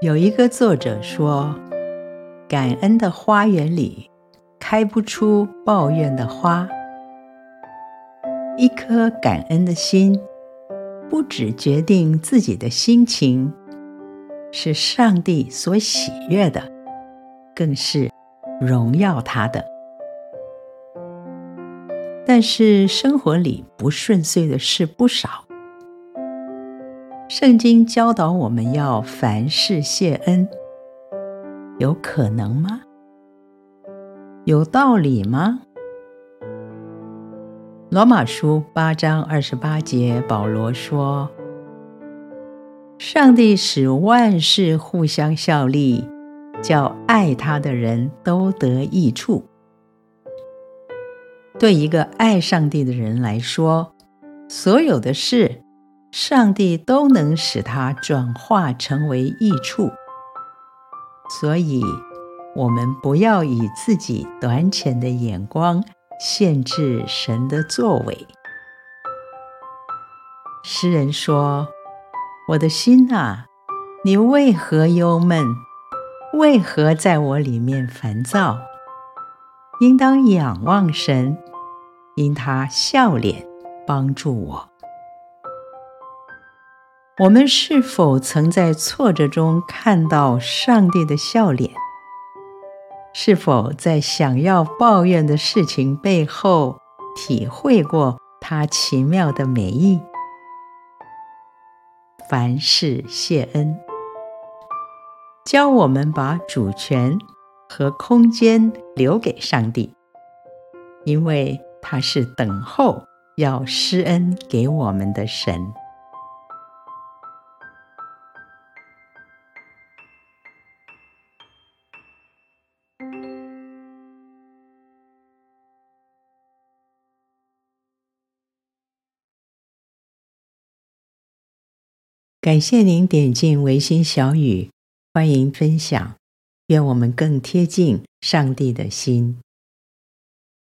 有一個作者說：“感恩的花園裡，開不出抱怨的花。一顆感恩的心，不只決定自己的心情，是上帝所喜悅的，更是榮耀他的。但是生活裡不順遂的事不少。”聖經教導我們要凡事謝恩，有可能嗎？有道理嗎？羅馬書八章二十八節，保羅說：“上帝使萬事互相效力，叫愛他的人都得益處。”對一個愛上帝的人來說，所有的事。上帝都能使它轉化成為益處，所以，我們不要以自己短淺的眼光限制神的作為。詩人說：“我的心啊，你為何憂悶？為何在我裡面煩躁？應當仰望神，因他笑臉幫助我。”我們是否曾在挫折中看到上帝的笑臉？是否在想要抱怨的事情背後體會過他奇妙的美意？凡事謝恩，教我們把主權和空間留給上帝，因為他是等候要施恩給我們的神。感謝您點進維心小語，歡迎分享，願我們更貼近上帝的心。